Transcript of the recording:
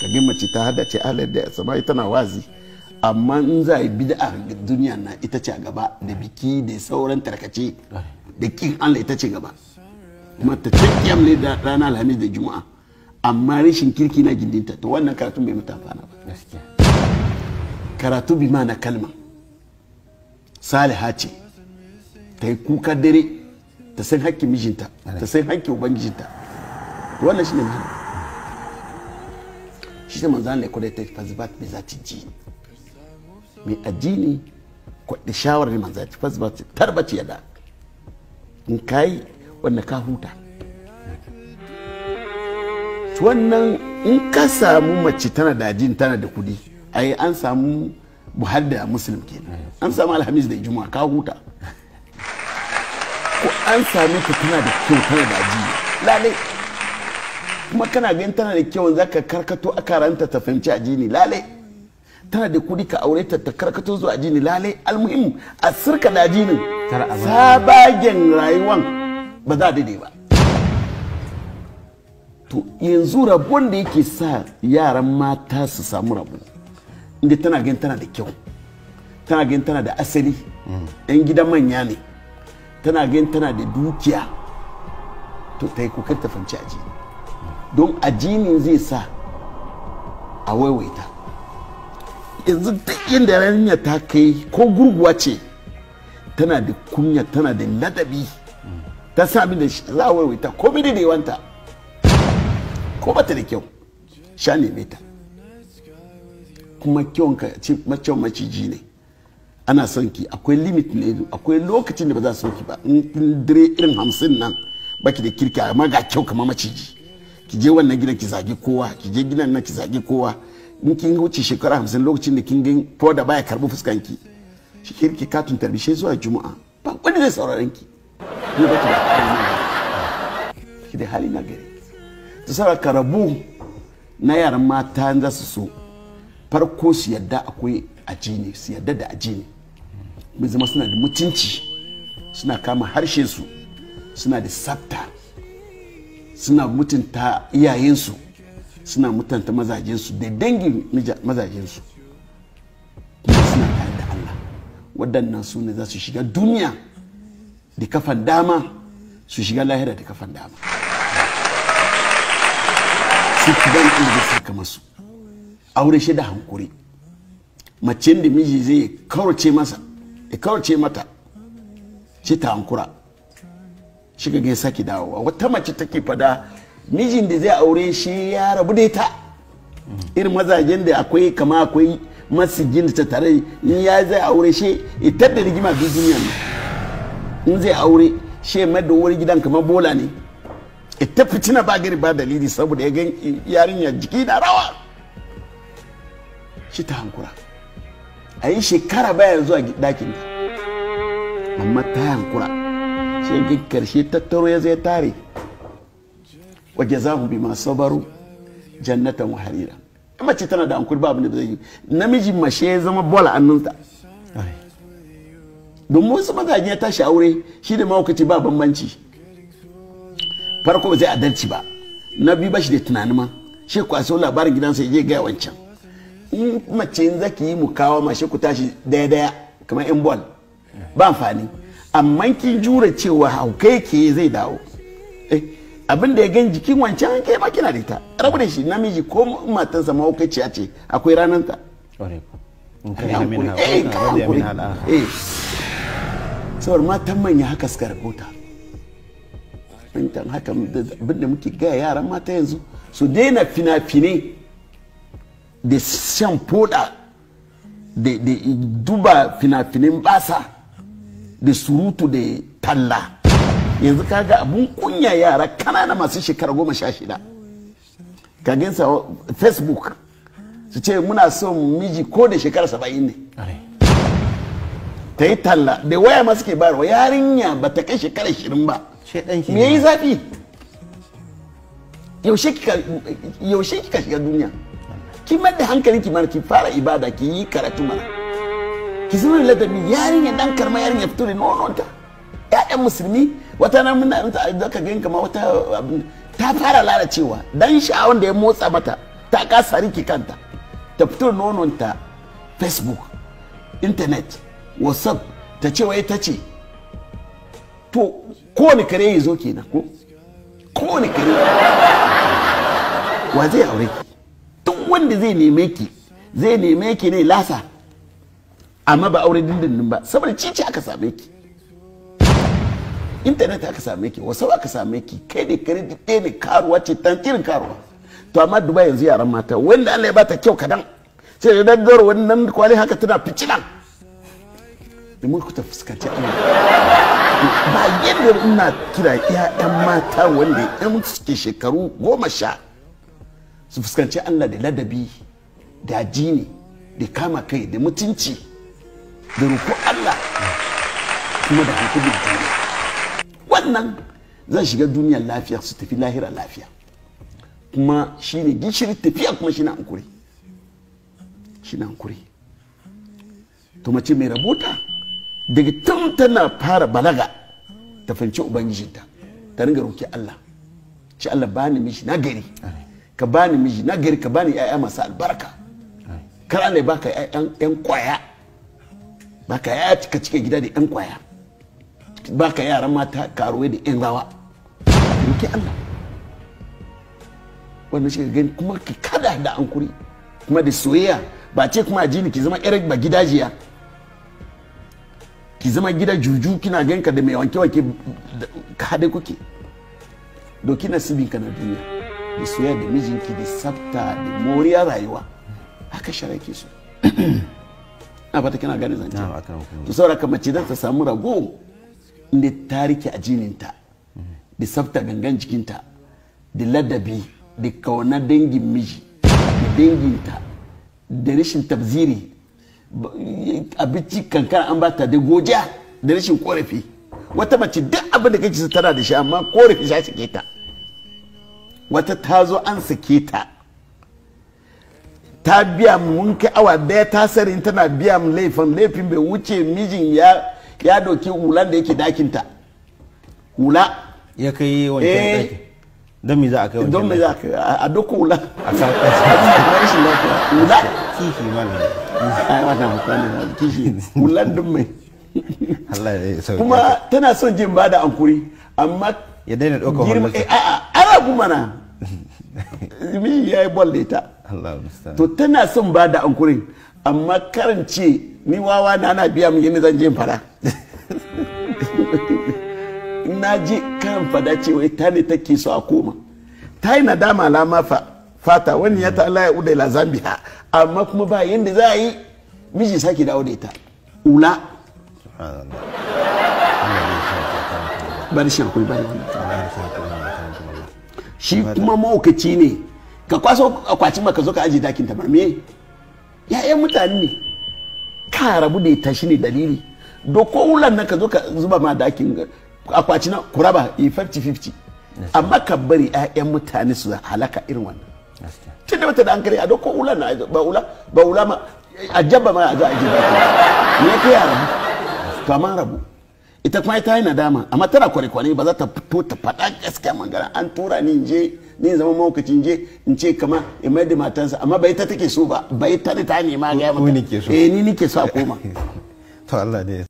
ka mace ta hada ce alayar da ita na wazi amma in za a yi bid'a duniya na ita ce a gaba da biki da sauran tarkace da kin Allah ita ce gaba kuma ta ce kiyam ne da rana alhamis da juma'a amma rashin kirki na gindinta to wannan karatun bai mutu amfana ba karatu bi ma na kalma saliha ce ta yi kuka dare ta san hakkin mijinta ta san hakkin ubangijinta wannan shi ne mahimmanci shi ne manzo Allah ya kwadaita fa zubat mai zati ji mai ajini kwaɗi shawarar manzo ta fasba tarbace yada in kai wanda ka huta wannan in ka samu mace tana da ajin tana da kudi ai an samu muhadda muslim ke an samu alhamis da juma ka huta ko an samu ta tana da kyau tana da ajiya lalai kuma kana ganin tana da kyau za ka karkato akaranta ta fahimci ajini lale tana da kuɗi ka aure ta ta karkato zuwa ajini lale almuhim a sirka da ajinin sabagen rayuwan ba za daidai ba to yanzu rabon da yake sa yaran mata su samu rabo inda tana ganin tana da kyau tana ganin tana da asali yan gidan manya ne tana ganin tana da dukiya to ta yi kokar ta fahimci ajini don ajinin zai sa a waiwaita yanzu duk inda yarinya ta kai ko gurguwa ce tana da kunya tana da ladabi ta sami da shi za a waiwaita ko da yawanta ko bata da kyau sha neme ta kuma kyau ka ce macewa maciji ne ana son ki akwai limit ne akwai lokacin da ba za su ki ba in dire irin hamsin nan baki da kirki amma ga kyau kamar maciji ki je wannan gidan ki zagi kowa ki je gidan nan ki zagi kowa in kin wuce shekara hamsin lokacin da kin gan da baya karbi fuskan ki shi ki ki katun tarbishe zuwa juma'a ba kwani zai sauraron ki ni ba ki da ki da hali na gari ta sara karabu na yaran mata za su so farko su yadda akwai ajini su yadda da ajini ne zama suna da mutunci suna kama harshe su suna da sabta suna mutunta iyayensu suna mutunta mazajensu da dangin mazajensu suna tare da Allah waɗannan su ne za su shiga duniya da kafan dama su shiga lahira da kafan dama su kudan inda saka su aure shi da hankuri mace da miji zai kawace masa ya mata ce ta hankura shiga ga sake dawowa wata mace take fada mijin da zai aure shi ya rabu da ita irin mazajen da akwai kama akwai masijin da ta tare in ya zai aure shi ita da rigima biyu duniya ne in zai aure shi mai da wani gidan kamar bola ne ita fitina ba gari ba dalili saboda ya gan yarinya jiki da rawa shi ta hankura a yi shekara baya zuwa dakin amma ta hankura sai karshe tattaro ya zai tare wa bi masu sabaru jannatan harira mace tana da ankuri babu da zai yi namiji mashe ya zama bola annunta domin wasu mazaje ya tashi aure shi da mawakaci ba bambanci farko ba zai adalci ba na biyu ba shi da tunani ma shi kwaso labarin gidansa ya je gaya wancan in mace in zaki yi mu ma shi ku tashi daya daya kamar yan bol ba amfani amma kin jure cewa hauka ke zai dawo eh, abin da ya gan jikin wancan kai ba kina da ita rabu da shi namiji ko matansa ciya ce akwai rananta eh, eh. saboda matan manya haka suka rahota bintan haka abin da muke gaya yaran mata yanzu su daina fina-finai da shan foda da duba fina finai basa da surutu da talla yanzu kaga abun kunya yara kanana masu shekara goma sha shida kaginsa facebook su ce muna son miji ko da shekara saba'in ne ta yi talla da waya masu ke bayarwa yarinya ba ta kai shekara shirin ba me yi zafi yaushe kika shiga duniya ki da hankali ki mana ki fara ibada ki yi karatu mana ki zama da ladabi yarinya dan karma yarinya fito da nononta ƴaƴan musulmi wata nan muna da ka gani kamar wata ta fara lalacewa dan sha'awan da ya motsa mata ta kasa riki kanta ta fito da nononta facebook internet whatsapp ta ce wai ta ce to kowane kare ya zo kenan ko kowane kare wa zai aure duk wanda zai neme ki zai neme ki ne lasa amma ba aure dindindin ba saboda cici aka same ki internet aka same ki wasu aka same ki kai ne kare ɗaya ne karuwa ce tantirin karuwa to amma duba yanzu yaran mata wanda Allah ya bata kyau kadan sai da daddawar wani nan kwali haka tana ficinan da mun ku ta fuskanci Allah ba yadda ina kira ƴaƴan mata wanda ƴan suke shekaru goma sha su fuskanci Allah da ladabi da jini da kama kai da mutunci da roƙo Allah kuma da hankulin duniya wannan zan shiga duniyar lafiya su tafi lahira lafiya kuma shine gishiri tafiya kuma na hankuri na hankuri to mace mai rabota daga tun tana fara balaga ta fahimci ubangijinta ta ringa roƙi Allah shi Allah bani mishi na gari ka bani miji na gari ka bani 'ya'ya masu albarka kar Allah ya baka 'yan kwaya baka ya cika cike gida da yan kwaya baka yaran mata karuwa da yan rawa roki Allah wannan shi gani kuma ki kada da ankuri kuma da soyayya ba ce kuma ajini ki zama yar ba gidajiya ki zama gida juju kina ganka da mai wanke wanke ka hade kuke doki sibin ka na duniya da soyayya da mijinki da sabta da moriya rayuwa haka shara ke so na fata kana gane zance to saboda ka mace za ta samu rago inda ta rike ta, da safta gangan jikinta da ladabi da kauna dangin miji da danginta da rashin tabziri abinci kankana an bata da goja da rashin korafi wata mace duk abin da kake tana da shi amma korafi shi ta wata tazo an sake ta ta biya mu mun kai awa daya ta sarin tana biya mu laifin laifin bai wuce mijin ya ya doki hulan da yake dakinta hula ya kai wancan daki eh. don me za a kai wancan don me za a kai a duk hula a san hula kishi mana na kishi hulan duk mai Allah ya sauke kuma tana son jin bada ankuri amma ya daina ɗaukar hulan eh, a'a ana kuma na miji ya yi bol to tana son ba da ankurin amma karance ni wawa na ana biya min yadda zan je fara na je kan fada cewa ita ne take so a koma ta yi nadama lama fa fata wani ya ta Allah ya uda ila zambiya amma kuma ba yadda za a yi miji sake dawo da ita ula bari shi akwai bayan wannan shi kuma maukaci ne ka kwaso akwatin ka zo ka aje dakin ta me ya'yan mutane ne ka rabu da ita shi ne dalili doko wulan nan ka zo ka zuba ma dakin akwati na kuraba 50-50 eh, amma ka bari 'ya'yan mutane su halaka irin wannan tun da da an kare a doko wulan na ba wula ba wula ma a jabba ma a zo a ji ne ka yara to amma rabu ita kuma ita yi nadama amma tana kware-kware ba za ta fito ta faɗa gaskiya magana an tura ni je ni zama mahaukacin je in ce kama in mai da matansa amma bai ta take so ba bai ta da ta nema ga ya mata eh ni nike so a koma to